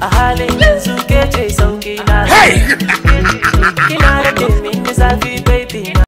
a halin yanzu ke ce sauki na kina da min zafi